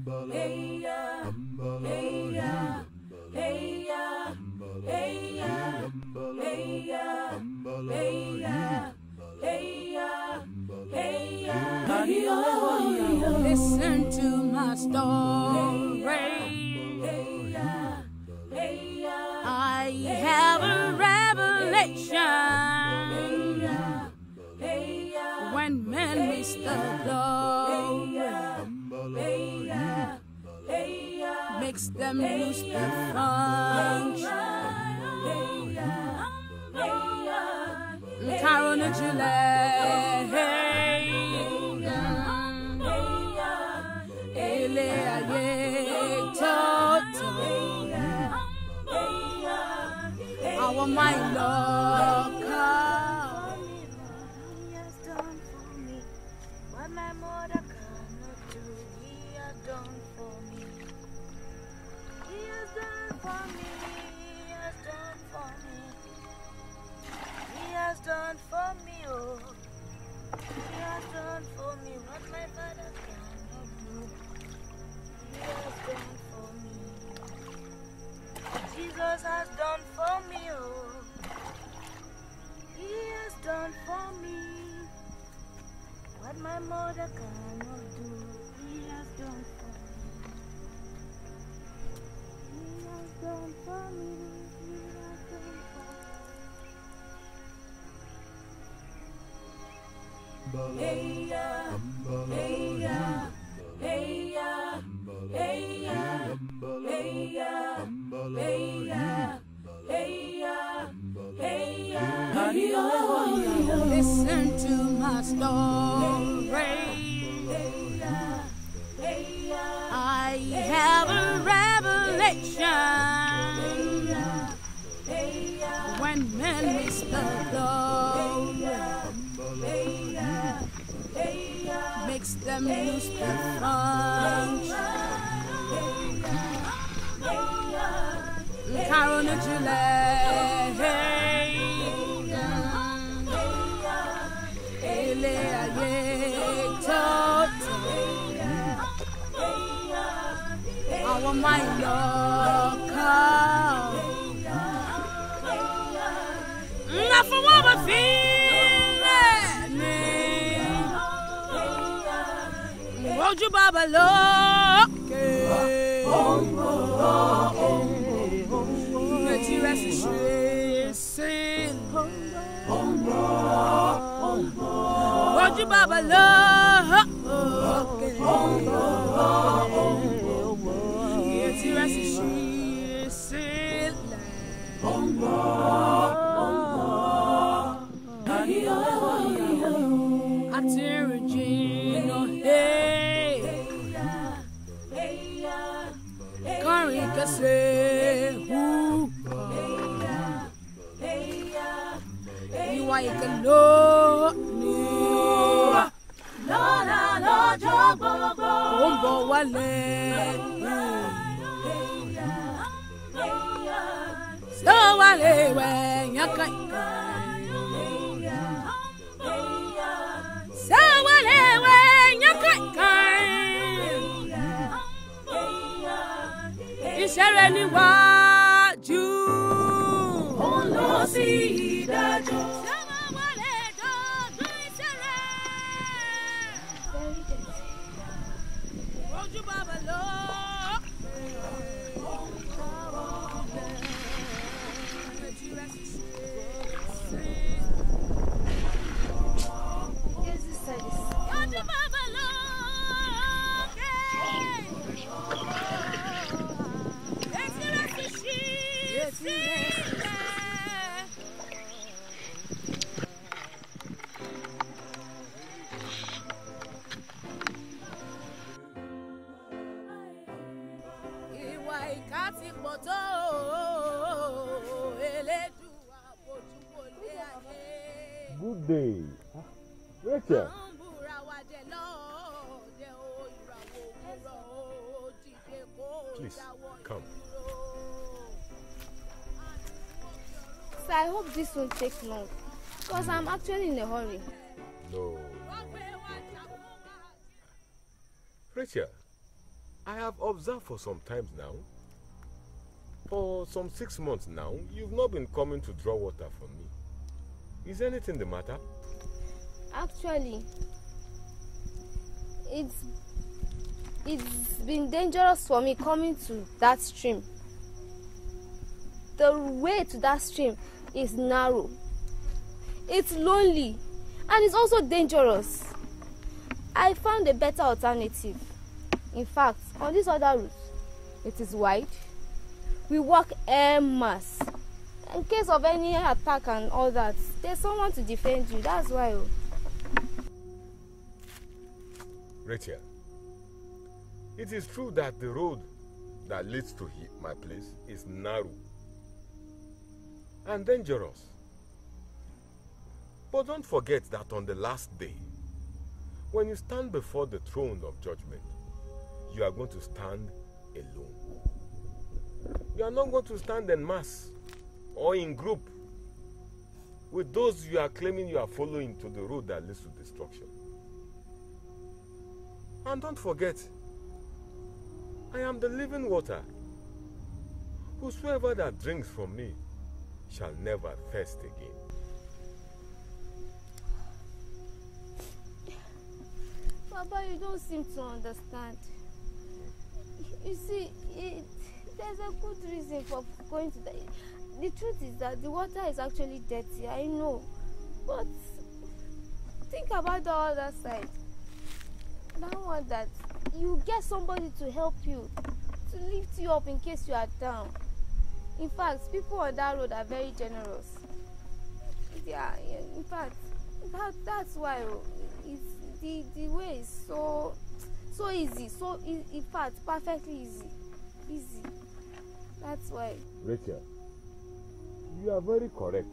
Hey ya, hey ya, hey ya, hey ya, hey ya, hey ya, hey ya, hey ya. Listen to my story. I have a revelation when men miss the them lose the function. Tyrone Gillette. Our my love. Hey ya, hey ya, hey ya, hey ya, hey ya, hey ya, hey ya, hey ya. Listen to my story. the music Carona Gillette, Elea Yetot, our mind local. Not for what I feel. ojú bàbá lókè. ìrètí rẹ sì ṣe sí. ojú bàbá lókè. ìrètí rẹ sì ṣe sílẹ̀. say, who? You are the Lord. Lọ́la lọ́jọ́ gbogbo. Ó ń bọ̀ wálẹ̀. Sọ wálé wẹ̀ yánkan. níwájú. ó ń lọ sí i. ìwà ìkà ti pọ̀ tó elédùwà ojú ayé. good day ah, rachel. à ń búra wa jẹ lọ́ọ̀dẹ o òwúrọ̀ o kó dáwọ́ ìdúró. So I hope this won't take long because I'm actually in a hurry. No. no, no. Rachel, I have observed for some time now, for some six months now, you've not been coming to draw water for me. Is anything the matter? Actually, it's it's been dangerous for me coming to that stream. The way to that stream is narrow. It's lonely and it's also dangerous. I found a better alternative. In fact, On this other route, it is wide. We walk en mass. In case of any attack and all that, there's someone to defend you. That's why. Oh. Rachel, it is true that the road that leads to my place is narrow and dangerous. But don't forget that on the last day, when you stand before the throne of judgment, you are going to stand alone. You are not going to stand in mass or in group with those you are claiming you are following to the road that leads to destruction. And don't forget, I am the living water. Whosoever that drinks from me shall never thirst again. Papa, you don't seem to understand. You see, it, there's a good reason for going to the. The truth is that the water is actually dirty, I know. But think about the other side. That one that you get somebody to help you, to lift you up in case you are down. In fact, people on that road are very generous. Yeah, in fact, that, that's why oh, it's, the, the way is so so easy so e in fact perfectly easy easy that's why. rachel you are very correct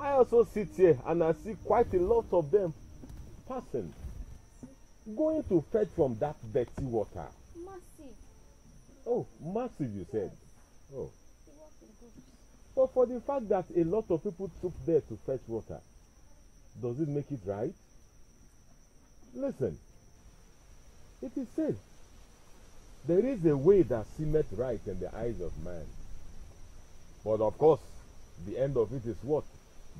i also sit here and i see quite a lot of them passing going to fetch from that dirty water. massive. oh massive you yes. said oh but for the fact that a lot of people took there to fetch water does it make it right listen it is said, there is a way that seemeth right in the eyes of man. But of course, the end of it is what?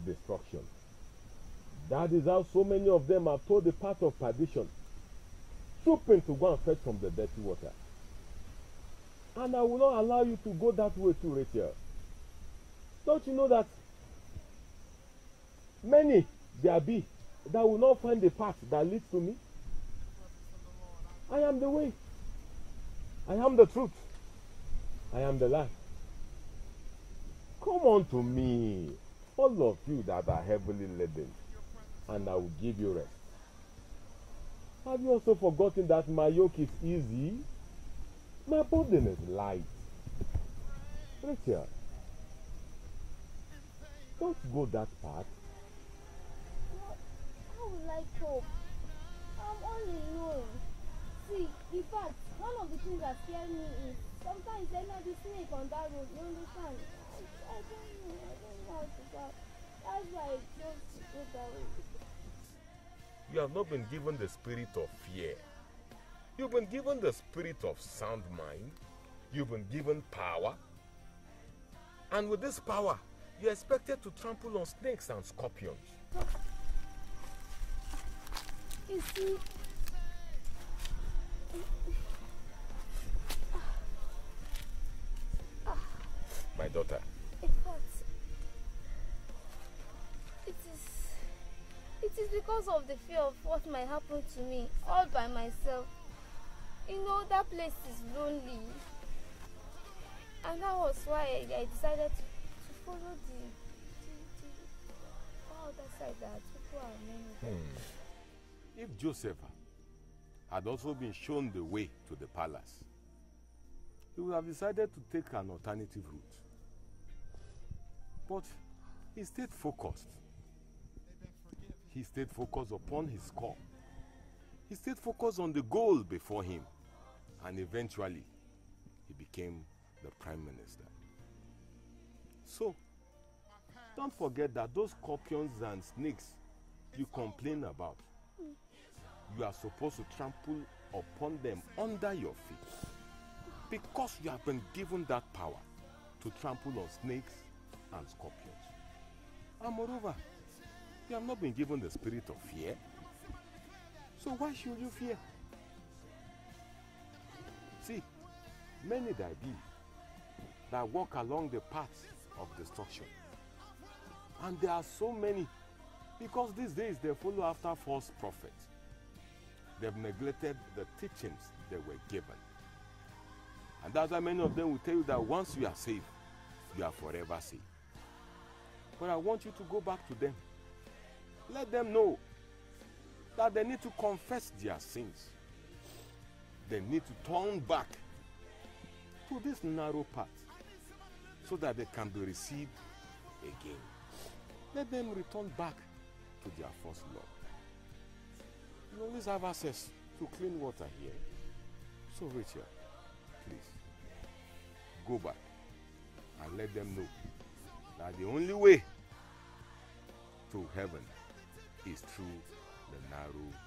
Destruction. That is how so many of them are told the path of perdition, trooping to go and fetch from the dirty water. And I will not allow you to go that way too, Rachel. Don't you know that many there be that will not find the path that leads to me? I am the way. I am the truth. I am the life. Come unto me, all of you that are heavily laden, and I will give you rest. Have you also forgotten that my yoke is easy? My burden is light. Rachel, don't go that path. thing that me is sometimes snake on that road, you understand? I, I don't know, I don't know how to go. That's why I chose to go that way. You have not been given the spirit of fear. You've been given the spirit of sound mind. You've been given power. And with this power, you're expected to trample on snakes and scorpions. You see, my daughter. In fact, it is, it is because of the fear of what might happen to me all by myself. You know, that place is lonely. And that was why I, decided to, to follow the, the, the other side that people are many. Hmm. If Joseph had also been shown the way to the palace, he would have decided to take an alternative route. But he stayed focused. He stayed focused upon his score. He stayed focused on the goal before him. And eventually, he became the prime minister. So, don't forget that those scorpions and snakes you complain about, you are supposed to trample upon them under your feet. Because you have been given that power to trample on snakes and scorpions. And moreover, you have not been given the spirit of fear. So why should you fear? See, many there be that walk along the path of destruction. And there are so many because these days they follow after false prophets. They've neglected the teachings they were given. And that's why many of them will tell you that once you are saved, you are forever saved. But I want you to go back to them. Let them know that they need to confess their sins. They need to turn back to this narrow path so that they can be received again. Let them return back to their first love. You always have access to clean water here. So, Rachel, please go back and let them know that the only way to heaven is through the narrow